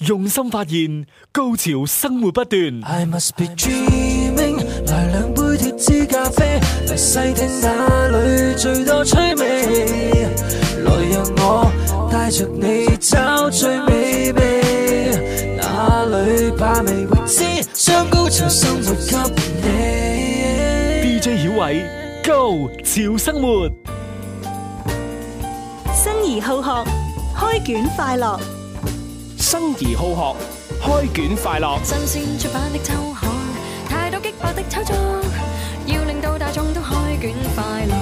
用心發現，高潮生活不斷。I must be dreaming, 來兩杯脫脂咖啡，嚟細聽那裏最多趣味。來讓我帶着你找最美味，哪裏怕未知，將高潮生活給你。DJ 小偉，Go 潮生活，生而好學，開卷快樂。生而好學，開卷快樂。新鮮出版的週刊太多激烈的炒作，要令到大眾都開卷快樂。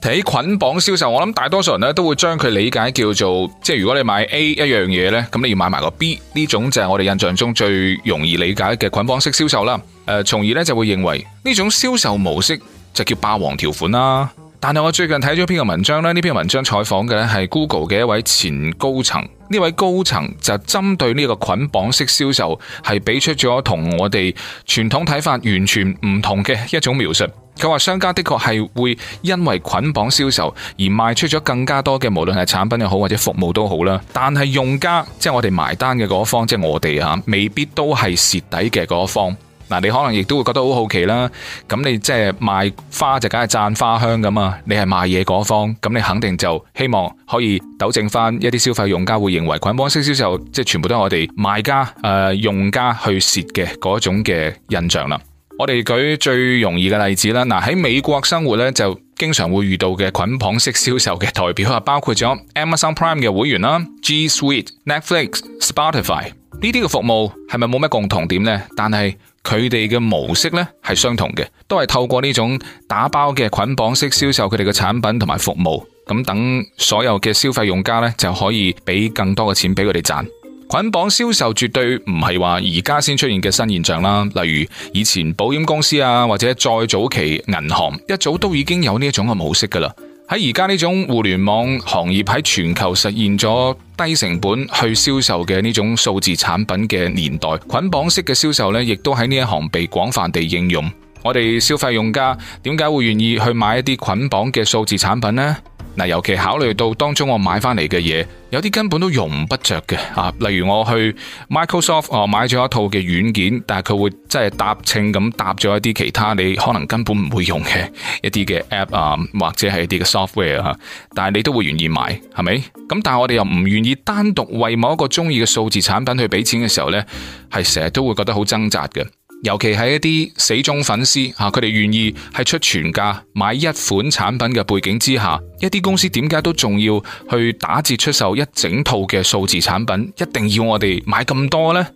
睇捆綁銷售，我諗大多數人都會將佢理解叫做，即係如果你買 A 一樣嘢咧，咁你要買埋個 B，呢種就係我哋印象中最容易理解嘅捆綁式銷售啦。誒、呃，從而咧就會認為呢種銷售模式就叫霸王條款啦。但係我最近睇咗一篇嘅文章，呢篇文章採訪嘅呢係 Google 嘅一位前高層，呢位高層就針對呢個捆綁式銷售係俾出咗同我哋傳統睇法完全唔同嘅一種描述。佢話商家的確係會因為捆綁銷售而賣出咗更加多嘅，無論係產品又好，或者服務都好啦。但係用家即係我哋埋單嘅嗰方，即係我哋吓，未必都係蝕底嘅嗰方。嗱，你可能亦都會覺得好好奇啦。咁你即係賣花就梗係讚花香㗎嘛。你係賣嘢嗰方，咁你肯定就希望可以糾正返一啲消費用家會認為捆綁式銷售即係全部都係我哋賣家誒、呃、用家去蝕嘅嗰種嘅印象啦。我哋舉最容易嘅例子啦。嗱，喺美國生活咧就。經常會遇到嘅捆綁式銷售嘅代表係包括咗 Amazon Prime 嘅會員啦、G Suite、Netflix、Spotify 呢啲嘅服務係咪冇咩共同點呢？但係佢哋嘅模式咧係相同嘅，都係透過呢種打包嘅捆綁式銷售佢哋嘅產品同埋服務，咁等所有嘅消費用家呢，就可以俾更多嘅錢俾佢哋賺。捆綁銷售絕對唔係話而家先出現嘅新現象啦，例如以前保險公司啊，或者再早期銀行，一早都已經有呢一種嘅模式噶啦。喺而家呢種互聯網行業喺全球實現咗低成本去銷售嘅呢種數字產品嘅年代，捆綁式嘅銷售呢亦都喺呢一行被廣泛地應用。我哋消費用家點解會願意去買一啲捆綁嘅數字產品呢？嗱，尤其考慮到當中我買翻嚟嘅嘢，有啲根本都用唔着嘅啊。例如我去 Microsoft 哦、啊、買咗一套嘅軟件，但係佢會真係搭稱咁搭咗一啲其他你可能根本唔會用嘅一啲嘅 app 啊，或者係一啲嘅 software 啊，但係你都會願意買，係咪？咁但係我哋又唔願意單獨為某一個中意嘅數字產品去俾錢嘅時候呢，係成日都會覺得好掙扎嘅。尤其係一啲死忠粉絲吓，佢哋願意係出全價買一款產品嘅背景之下，一啲公司點解都仲要去打折出售一整套嘅數字產品？一定要我哋買咁多呢？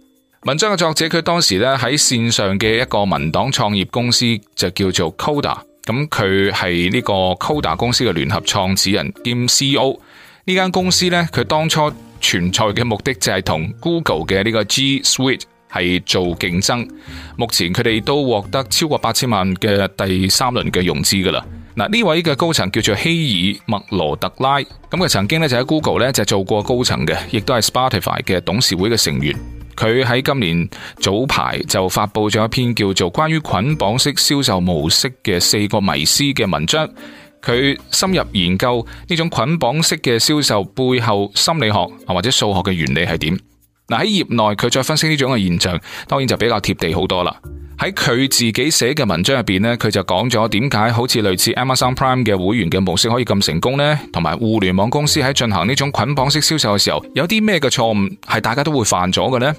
文章嘅作者佢當時咧喺線上嘅一個文檔創業公司就叫做 Coda，咁佢係呢個 Coda 公司嘅聯合創始人兼 CEO。呢間公司呢，佢當初存在嘅目的就係同 Google 嘅呢個 G Suite。係做競爭，目前佢哋都獲得超過八千萬嘅第三輪嘅融資噶啦。嗱，呢位嘅高層叫做希爾麥羅特拉，咁佢曾經咧就喺 Google 咧就做過高層嘅，亦都係 Spotify 嘅董事會嘅成員。佢喺今年早排就發布咗一篇叫做《關於捆綁式銷售模式嘅四個迷思》嘅文章，佢深入研究呢種捆綁式嘅銷售背後心理學或者數學嘅原理係點？嗱，喺業內佢再分析呢種嘅現象，當然就比較貼地好多啦。喺佢自己寫嘅文章入邊咧，佢就講咗點解好似類似 Amazon Prime 嘅會員嘅模式可以咁成功咧，同埋互聯網公司喺進行呢種捆綁式銷售嘅時候，有啲咩嘅錯誤係大家都會犯咗嘅呢？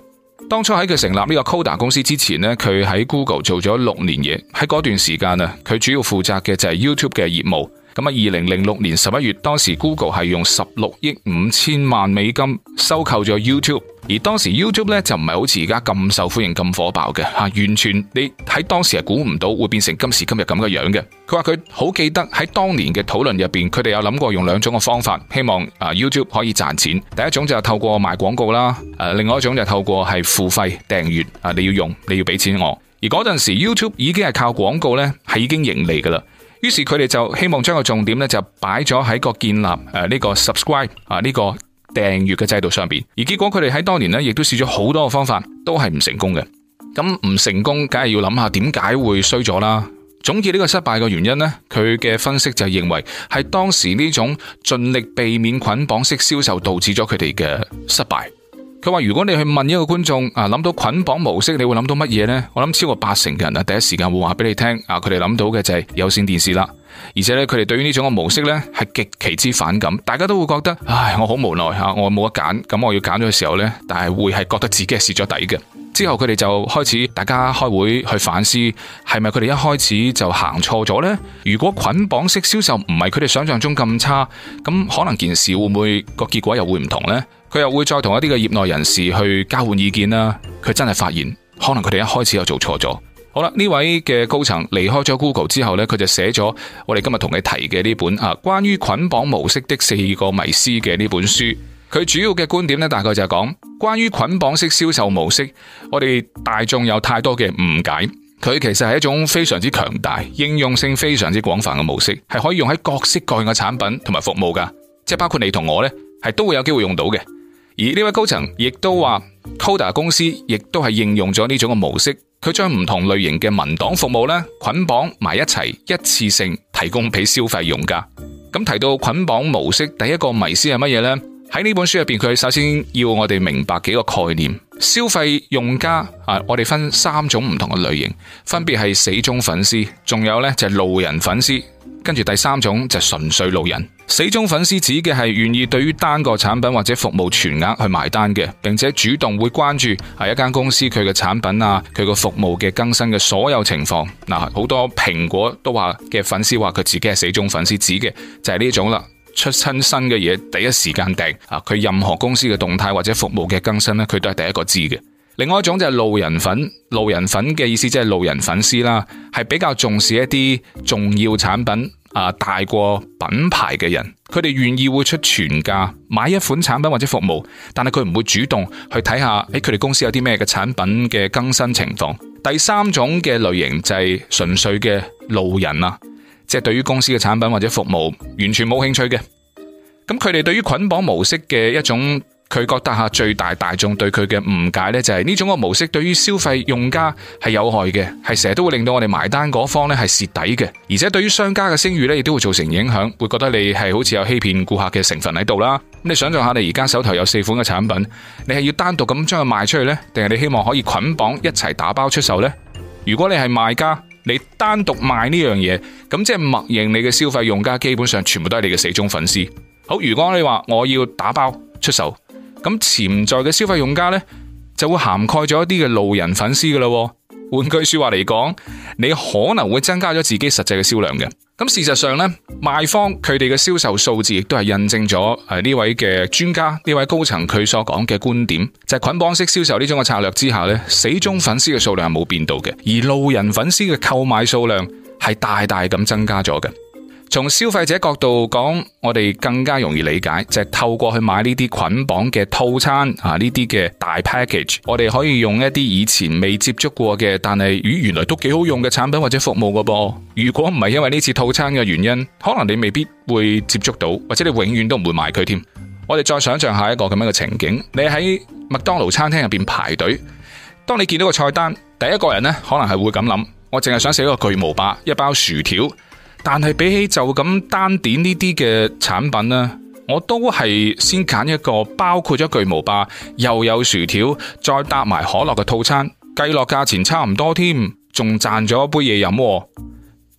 當初喺佢成立呢個 Coda 公司之前咧，佢喺 Google 做咗六年嘢，喺嗰段時間啊，佢主要負責嘅就係 YouTube 嘅業務。咁啊，二零零六年十一月，當時 Google 係用十六億五千萬美金收購咗 YouTube，而當時 YouTube 咧就唔係好似而家咁受歡迎，咁火爆嘅吓，完全你喺當時係估唔到會變成今時今日咁嘅樣嘅。佢話佢好記得喺當年嘅討論入邊，佢哋有諗過用兩種嘅方法，希望啊 YouTube 可以賺錢。第一種就係透過賣廣告啦，誒，另外一種就透過係付費訂閱，啊，你要用你要俾錢我。而嗰陣時 YouTube 已經係靠廣告咧係已經盈利噶啦。於是佢哋就希望將個重點咧就擺咗喺個建立誒呢、呃呢個 subscribe 啊呢、呢個訂閱嘅制度上邊，而結果佢哋喺當年咧亦都試咗好多嘅方法，都係唔成功嘅。咁、嗯、唔成功，梗係要諗下點解會衰咗啦。總結呢個失敗嘅原因咧，佢嘅分析就認為係當時呢種盡力避免捆綁式銷售導致咗佢哋嘅失敗。佢話如果你去問一個觀眾啊，諗到捆綁模式，你會諗到乜嘢呢？我諗超過八成嘅人啊，第一時間會話俾你聽啊，佢哋諗到嘅就係有線電視啦，而且咧佢哋對於呢種嘅模式呢係極其之反感，大家都會覺得唉，我好無奈吓，我冇得揀，咁我要揀咗嘅時候呢，但係會係覺得自己係蝕咗底嘅。之後佢哋就開始大家開會去反思，係咪佢哋一開始就行錯咗呢？如果捆綁式銷售唔係佢哋想象中咁差，咁可能件事會唔會個結果又會唔同呢？佢又會再同一啲嘅業內人士去交換意見啦。佢真係發現，可能佢哋一開始又做錯咗。好啦，呢位嘅高層離開咗 Google 之後呢，佢就寫咗我哋今日同你提嘅呢本啊關於捆綁模式的四個迷思嘅呢本書。佢主要嘅觀點呢，大概就係講關於捆綁式銷售模式，我哋大眾有太多嘅誤解。佢其實係一種非常之強大、應用性非常之廣泛嘅模式，係可以用喺各式各樣嘅產品同埋服務噶，即係包括你同我呢，係都會有機會用到嘅。而呢位高層亦都話，Coda 公司亦都係應用咗呢種嘅模式，佢將唔同類型嘅文檔服務咧捆綁埋一齊，一次性提供俾消費用家。咁提到捆綁模式，第一個迷思係乜嘢咧？喺呢本書入邊，佢首先要我哋明白幾個概念，消費用家啊，我哋分三種唔同嘅類型，分別係死忠粉絲，仲有咧就係路人粉絲。跟住第三種就純粹路人，死忠粉絲指嘅係願意對於單個產品或者服務全額去埋單嘅,並且主動會關注係一間公司佢嘅產品啊，佢個服務嘅更新嘅所有情況。嗱，好多蘋果都話嘅粉絲話佢自己係死忠粉絲指嘅就係、是、呢種啦，出親新嘅嘢第一時間訂啊，佢任何公司嘅動態或者服務嘅更新咧，佢都係第一個知嘅。另外一種就係路人粉，路人粉嘅意思即係路人粉絲啦，係比較重視一啲重要產品啊，呃，大過品牌嘅人，佢哋願意會出全價買一款產品或者服務，但係佢唔會主動去睇下喺佢哋公司有啲咩嘅產品嘅更新情況。第三種嘅類型就係純粹嘅路人啦，即係對於公司嘅產品或者服務完全冇興趣嘅。咁佢哋對於捆綁模式嘅一種。佢覺得吓最大大眾對佢嘅誤解呢，就係呢種嘅模式對於消費用家係有害嘅，係成日都會令到我哋埋單嗰方呢係蝕底嘅，而且對於商家嘅聲譽呢，亦都會造成影響，會覺得你係好似有欺騙顧客嘅成分喺度啦。咁你想象下，你而家手頭有四款嘅產品，你係要單獨咁將佢賣出去呢？定係你希望可以捆綁一齊打包出售呢？如果你係賣家，你單獨賣呢樣嘢，咁即係默認你嘅消費用家基本上全部都係你嘅死忠粉絲。好，如果你話我要打包出售。咁潛在嘅消費用家呢，就會涵蓋咗一啲嘅路人粉絲㗎喇喎。換句說話嚟講，你可能會增加咗自己實際嘅銷量嘅。咁事實上呢，賣方佢哋嘅銷售數字亦都係印證咗誒呢位嘅專家呢位高層佢所講嘅觀點，就係捆綁式銷售呢種嘅策略之下呢，死忠粉絲嘅數量係冇變到嘅，而路人粉絲嘅購買數量係大大咁增加咗嘅。從消費者角度講，我哋更加容易理解，就係、是、透過去買呢啲捆綁嘅套餐，啊呢啲嘅大 package，我哋可以用一啲以前未接觸過嘅，但係與、呃、原來都幾好用嘅產品或者服務嘅噃。如果唔係因為呢次套餐嘅原因，可能你未必會接觸到，或者你永遠都唔會買佢添。我哋再想象下一個咁樣嘅情景，你喺麥當勞餐廳入邊排隊，當你見到個菜單，第一個人呢，可能係會咁諗：我淨係想食一個巨無霸，一包薯條。但係比起就咁單點呢啲嘅產品呢，我都係先揀一個包括咗巨無霸又有薯條，再搭埋可樂嘅套餐，計落價錢差唔多添，仲賺咗一杯嘢飲。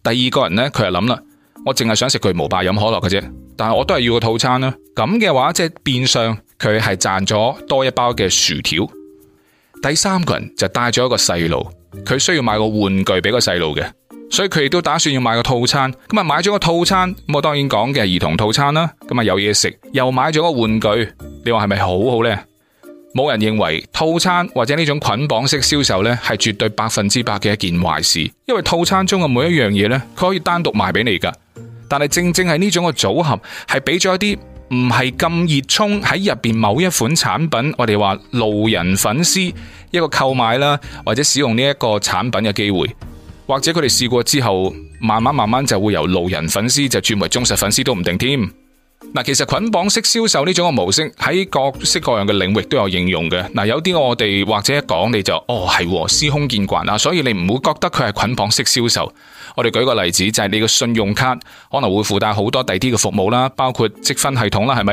第二個人呢，佢係諗啦，我淨係想食巨無霸飲可樂嘅啫，但係我都係要個套餐啦。咁嘅話即係變相佢係賺咗多一包嘅薯條。第三個人就帶咗一個細路，佢需要買個玩具俾個細路嘅。所以佢亦都打算要買個套餐，咁啊買咗個套餐，咁啊當然講嘅係兒童套餐啦，咁啊有嘢食，又買咗個玩具，你話係咪好好咧？冇人認為套餐或者呢種捆綁式銷售咧係絕對百分之百嘅一件壞事，因為套餐中嘅每一樣嘢咧佢可以單獨賣俾你噶，但係正正係呢種嘅組合係俾咗一啲唔係咁熱衷喺入邊某一款產品，我哋話路人粉絲一個購買啦或者使用呢一個產品嘅機會。或者佢哋試過之後，慢慢慢慢就會由路人粉絲就轉為忠實粉絲都唔定添。嗱，其實捆綁式銷售呢種嘅模式喺各式各樣嘅領域都有應用嘅。嗱，有啲我哋或者一講你就，哦係司空見慣啊，所以你唔會覺得佢係捆綁式銷售。我哋舉個例子，就係你嘅信用卡可能會附帶好多第啲嘅服務啦，包括積分系統啦，係咪？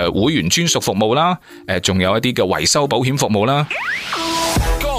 誒，會員專屬服務啦，誒、呃，仲有一啲嘅維修保險服務啦。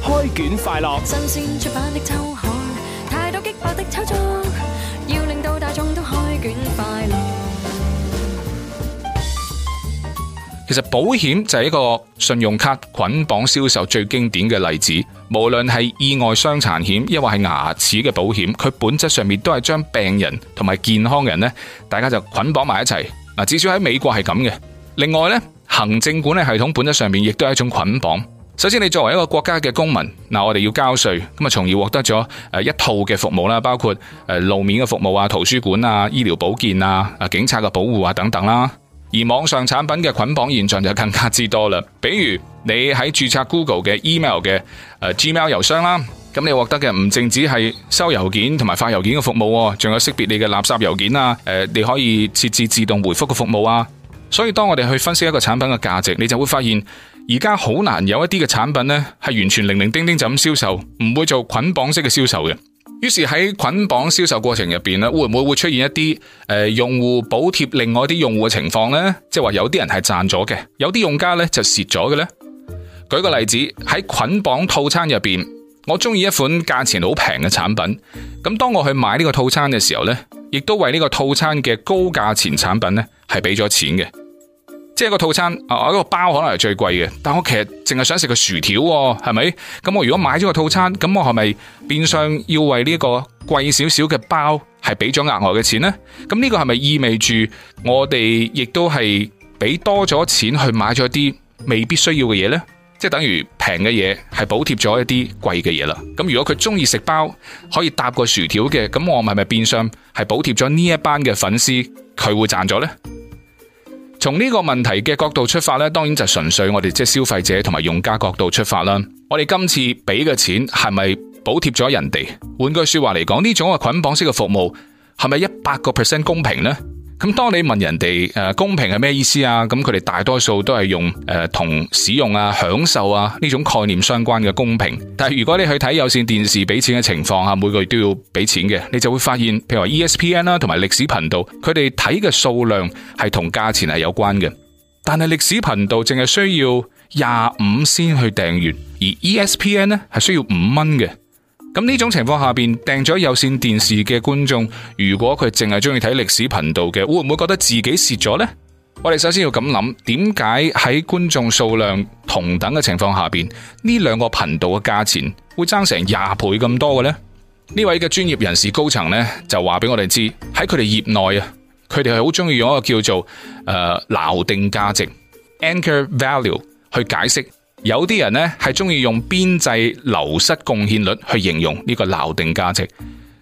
開卷快樂，新鮮出版的秋海，太多激薄的炒作，要令到大眾都開卷快樂。其實保險就係一個信用卡捆綁銷售,售最經典嘅例子，無論係意外傷殘險，抑或係牙齒嘅保險，佢本質上面都係將病人同埋健康人呢，大家就捆綁埋一齊。嗱，至少喺美國係咁嘅。另外呢，行政管理系統本質上面亦都係一種捆綁。首先，你作為一個國家嘅公民，嗱，我哋要交稅，咁啊，從而獲得咗誒一套嘅服務啦，包括誒路面嘅服務啊、圖書館啊、醫療保健啊、啊警察嘅保護啊等等啦。而網上產品嘅捆綁現象就更加之多啦。比如你喺注冊 Google 嘅 email 誒嘅 Gmail 郵箱啦，咁你獲得嘅唔淨止係收郵件同埋發郵件嘅服務，仲有識別你嘅垃圾郵件啊，誒，你可以設置自動回覆嘅服務啊。所以當我哋去分析一個產品嘅價值，你就會發現。而家好難有一啲嘅產品呢係完全零零丁丁就咁銷售，唔會做捆綁式嘅銷售嘅。於是喺捆綁銷售過程入邊咧，會唔會會出現一啲誒、呃、用戶補貼另外啲用戶嘅情況呢？即係話有啲人係賺咗嘅，有啲用家呢就蝕咗嘅呢。舉個例子，喺捆綁套餐入邊，我中意一款價錢好平嘅產品，咁當我去買呢個套餐嘅時候呢，亦都為呢個套餐嘅高價錢產品呢係俾咗錢嘅。即係個套餐啊，一個包可能係最貴嘅，但我其實淨係想食個薯條，係咪？咁我如果買咗個套餐，咁我係咪變相要為呢一個貴少少嘅包係俾咗額外嘅錢呢？咁呢個係咪意味住我哋亦都係俾多咗錢去買咗啲未必需要嘅嘢呢？即係等於平嘅嘢係補貼咗一啲貴嘅嘢啦。咁如果佢中意食包，可以搭個薯條嘅，咁我係咪變相係補貼咗呢一班嘅粉絲？佢會賺咗呢？從呢個問題嘅角度出發咧，當然就純粹我哋即係消費者同埋用家角度出發啦。我哋今次俾嘅錢係咪補貼咗人哋？換句說話嚟講，呢種啊捆綁式嘅服務係咪一百個 percent 公平呢？咁當你問人哋誒公平係咩意思啊？咁佢哋大多數都係用誒同、呃、使用啊、享受啊呢種概念相關嘅公平。但係如果你去睇有綫電視俾錢嘅情況下，每個月都要俾錢嘅，你就會發現，譬如話 ESPN 啦、啊，同埋歷史頻道，佢哋睇嘅數量係同價錢係有關嘅。但係歷史頻道淨係需要廿五先去訂閱，而 ESPN 呢係需要五蚊嘅。咁呢種情況下邊訂咗有線電視嘅觀眾，如果佢淨係中意睇歷史頻道嘅，會唔會覺得自己蝕咗呢？我哋首先要咁諗，點解喺觀眾數量同等嘅情況下邊，呢兩個頻道嘅價錢會爭成廿倍咁多嘅呢？呢位嘅專業人士高層呢，就話俾我哋知，喺佢哋業內啊，佢哋係好中意用一個叫做誒錨、呃、定價值 （anchor value） 去解釋。有啲人咧係中意用邊際流失貢獻率去形容呢個鬧定價值，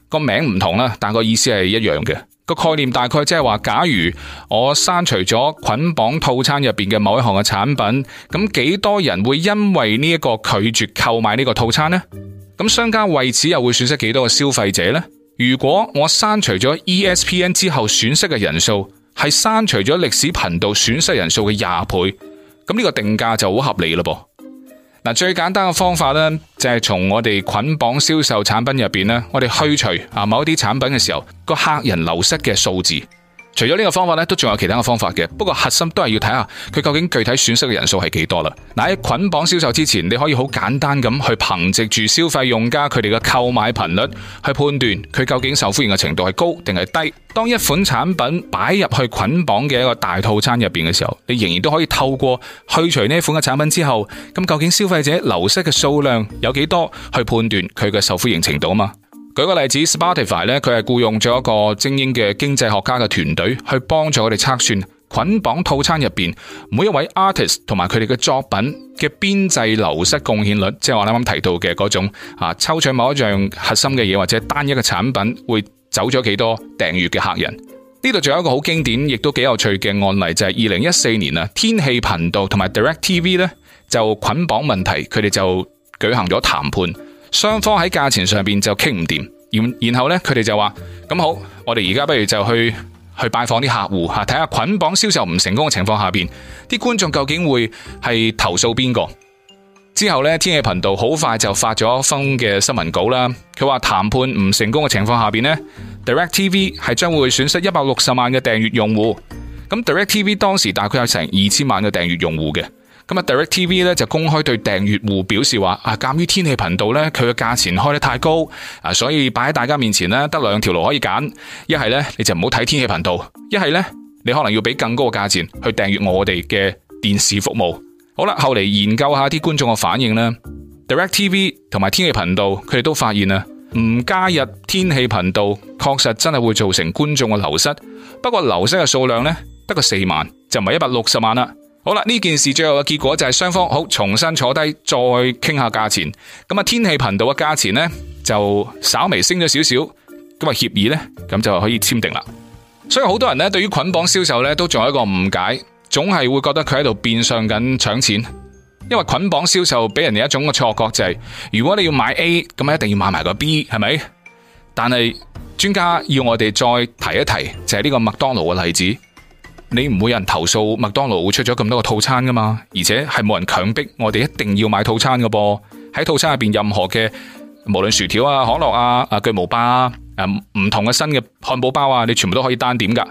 個名唔同啦，但個意思係一樣嘅。個概念大概即係話，假如我刪除咗捆綁套餐入邊嘅某一項嘅產品，咁幾多人會因為呢一個拒絕購買呢個套餐呢？咁商家為此又會損失幾多個消費者呢？如果我刪除咗 ESPN 之後損失嘅人數係刪除咗歷史頻道損失人數嘅廿倍，咁呢個定價就好合理啦噃。最簡單嘅方法呢，就係從我哋捆綁銷售產品入邊咧，我哋去除啊某一啲產品嘅時候，個客人流失嘅數字。除咗呢個方法咧，都仲有其他嘅方法嘅。不過核心都係要睇下佢究竟具體損失嘅人數係幾多啦。嗱，喺捆綁銷售之前，你可以好簡單咁去憑藉住消費用家佢哋嘅購買頻率，去判斷佢究竟受歡迎嘅程度係高定係低。當一款產品擺入去捆綁嘅一個大套餐入邊嘅時候，你仍然都可以透過去除呢款嘅產品之後，咁究竟消費者流失嘅數量有幾多，去判斷佢嘅受歡迎程度啊嘛。舉個例子，Spotify 咧，佢係僱傭咗一個精英嘅經濟學家嘅團隊去幫助我哋測算捆綁套餐入邊每一位 artist 同埋佢哋嘅作品嘅邊際流失貢獻率，即係我啱啱提到嘅嗰種啊，抽取某一樣核心嘅嘢或者單一嘅產品會走咗幾多訂閱嘅客人。呢度仲有一個好經典亦都幾有趣嘅案例，就係二零一四年啊，天氣頻道同埋 Direct TV 咧就捆綁問題，佢哋就舉行咗談判。雙方喺價錢上邊就傾唔掂，然然後呢佢哋就話咁好，我哋而家不如就去去拜訪啲客戶吓，睇下捆綁銷售唔成功嘅情況下邊，啲觀眾究竟會係投訴邊個？之後呢，天氣頻道好快就發咗封嘅新聞稿啦。佢話談判唔成功嘅情況下邊呢 Direct TV 係將會損失一百六十萬嘅訂閱用戶。咁 Direct TV 當時大概有成二千萬嘅訂閱用戶嘅。今日 Direct TV 咧就公開對訂閱戶表示話，啊，鑒於天氣頻道咧佢嘅價錢開得太高，啊，所以擺喺大家面前咧得兩條路可以揀，一係咧你就唔好睇天氣頻道，一係咧你可能要俾更高嘅價錢去訂閱我哋嘅電視服務。好啦，後嚟研究下啲觀眾嘅反應啦。Direct TV 同埋天氣頻道佢哋都發現啊，唔加入天氣頻道確實真係會造成觀眾嘅流失。不過流失嘅數量咧得個四萬，就唔係一百六十萬啦。好啦，呢件事最後嘅結果就係雙方好重新坐低再傾下價錢。咁啊，天氣頻道嘅價錢呢就稍微升咗少少。咁啊，協議呢咁就可以簽訂啦。所以好多人呢對於捆綁銷售呢都仲有一個誤解，總係會覺得佢喺度變相緊搶錢。因為捆綁銷售俾人哋一種嘅錯覺就係如果你要買 A，咁一定要買埋個 B，係咪？但係專家要我哋再提一提，就係呢個麥當勞嘅例子。你唔會有人投訴麥當勞會出咗咁多個套餐噶嘛？而且係冇人強迫我哋一定要買套餐噶噃。喺套餐入邊任何嘅，無論薯條啊、可樂啊、啊、啊巨無霸啊、唔同嘅新嘅漢堡包啊，你全部都可以單點噶。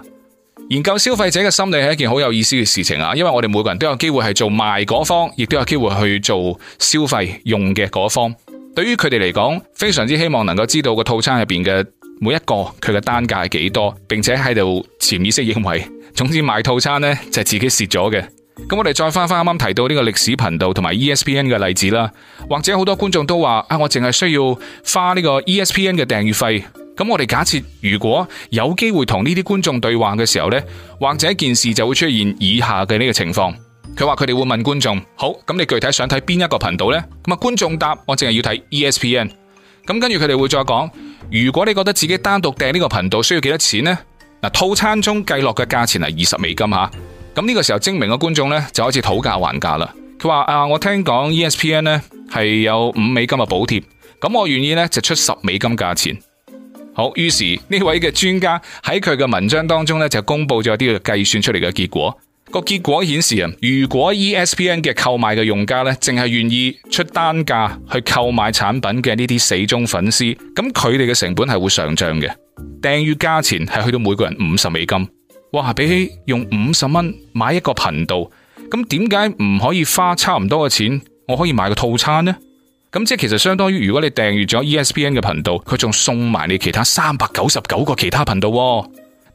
研究消費者嘅心理係一件好有意思嘅事情啊，因為我哋每個人都有機會係做賣嗰方，亦都有機會去做消費用嘅嗰方。對於佢哋嚟講，非常之希望能夠知道個套餐入邊嘅每一個佢嘅單價係幾多，並且喺度潛意識認為。總之買套餐呢，就係自己蝕咗嘅，咁我哋再翻翻啱啱提到呢個歷史頻道同埋 ESPN 嘅例子啦，或者好多觀眾都話啊，我淨係需要花呢個 ESPN 嘅訂閱費。咁我哋假設如果有機會同呢啲觀眾對話嘅時候呢，或者一件事就會出現以下嘅呢個情況，佢話佢哋會問觀眾：好，咁你具體想睇邊一個頻道呢？」咁啊觀眾答我淨係要睇 ESPN。咁跟住佢哋會再講：如果你覺得自己單獨訂呢個頻道需要幾多錢呢？」套餐中計落嘅價錢係二十美金吓，咁呢個時候精明嘅觀眾呢，就開始討價還價啦。佢話啊，我聽講 ESPN 呢係有五美金嘅補貼，咁我願意呢就出十美金價錢。好，於是呢位嘅專家喺佢嘅文章當中呢，就公布咗一啲嘅計算出嚟嘅結果。個結果顯示啊，如果 ESPN 嘅購買嘅用家咧，淨係願意出單價去購買產品嘅呢啲死忠粉絲，咁佢哋嘅成本係會上漲嘅。訂閱價錢係去到每個人五十美金，哇！比起用五十蚊買一個頻道，咁點解唔可以花差唔多嘅錢，我可以買個套餐呢？咁即係其實相當於如果你訂閱咗 ESPN 嘅頻道，佢仲送埋你其他三百九十九個其他頻道啊。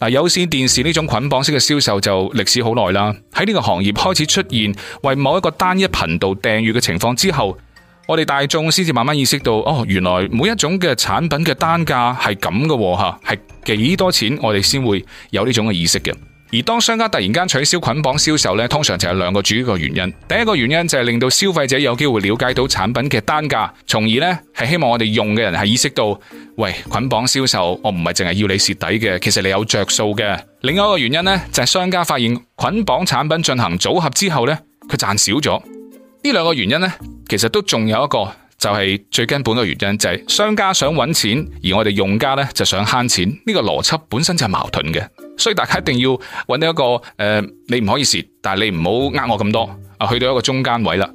嗱，有線電視呢種捆綁式嘅銷售就歷史好耐啦。喺呢個行業開始出現為某一個單一頻道訂閱嘅情況之後，我哋大眾先至慢慢意識到，哦，原來每一種嘅產品嘅單價係咁嘅吓，係幾多錢我哋先會有呢種嘅意識嘅。而當商家突然間取消捆綁銷售呢，通常就有兩個主要原因。第一個原因就係令到消費者有機會了解到產品嘅單價，從而呢係希望我哋用嘅人係意識到，喂，捆綁銷售我唔係淨係要你蝕底嘅，其實你有着數嘅。另外一個原因呢，就係商家發現捆綁產品進行組合之後呢，佢賺少咗。呢兩個原因呢，其實都仲有一個就係、是、最根本嘅原因，就係、是、商家想揾錢，而我哋用家呢，就想慳錢，呢、這個邏輯本身就係矛盾嘅。所以大家一定要揾到一個誒、呃，你唔可以蝕，但係你唔好呃我咁多啊，去到一個中間位啦。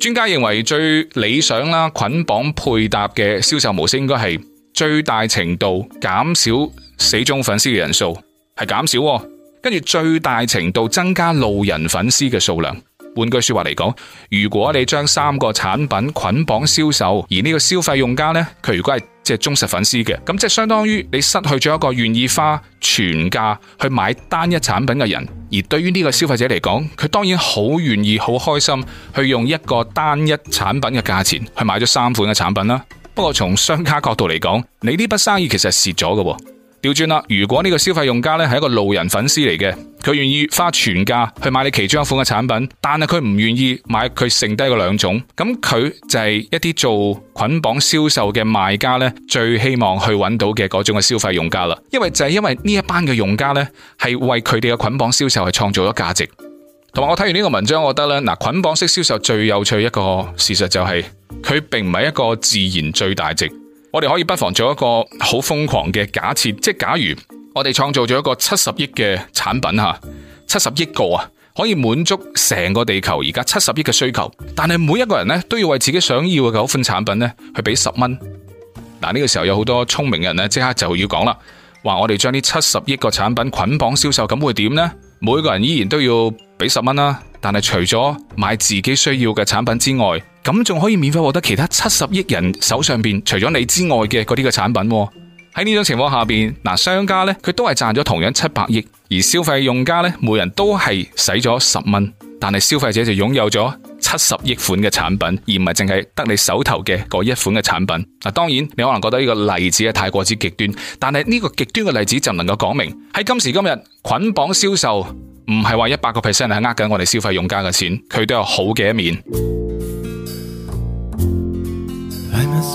專家認為最理想啦，捆綁配搭嘅銷售模式應該係最大程度減少死忠粉絲嘅人數，係減少喎，跟住最大程度增加路人粉絲嘅數量。換句說話嚟講，如果你將三個產品捆綁銷售，而呢個消費用家呢，佢如果係即係忠實粉絲嘅，咁即係相當於你失去咗一個願意花全價去買單一產品嘅人。而對於呢個消費者嚟講，佢當然好願意、好開心去用一個單一產品嘅價錢去買咗三款嘅產品啦。不過從商家角度嚟講，你呢筆生意其實係蝕咗嘅。調轉啦！如果呢個消費用家咧係一個路人粉絲嚟嘅，佢願意花全價去買你其中一款嘅產品，但係佢唔願意買佢剩低嘅兩種，咁佢就係一啲做捆綁銷售嘅賣家咧最希望去揾到嘅嗰種嘅消費用家啦。因為就係因為呢一班嘅用家咧係為佢哋嘅捆綁銷售係創造咗價值。同埋我睇完呢個文章，我覺得咧嗱，捆綁式銷售最有趣一個事實就係，佢並唔係一個自然最大值。我哋可以不妨做一個好瘋狂嘅假設，即係假如我哋創造咗一個七十億嘅產品吓，七十億個啊，可以滿足成個地球而家七十億嘅需求，但係每一個人咧都要為自己想要嘅嗰款產品咧去俾十蚊。嗱，呢個時候有好多聰明人咧即刻就要講啦，話我哋將呢七十億個產品捆綁銷售，咁會點呢？每個人依然都要俾十蚊啦，但係除咗買自己需要嘅產品之外。咁仲可以免費獲得其他七十億人手上邊除咗你之外嘅嗰啲嘅產品，喺呢種情況下邊嗱，商家呢，佢都係賺咗同樣七百億，而消費用家呢，每人都係使咗十蚊，但係消費者就擁有咗七十億款嘅產品，而唔係淨係得你手頭嘅嗰一款嘅產品嗱。當然你可能覺得呢個例子係太過之極端，但係呢個極端嘅例子就能夠講明喺今時今日捆綁銷售唔係話一百個 percent 係呃緊我哋消費用家嘅錢，佢都有好嘅一面。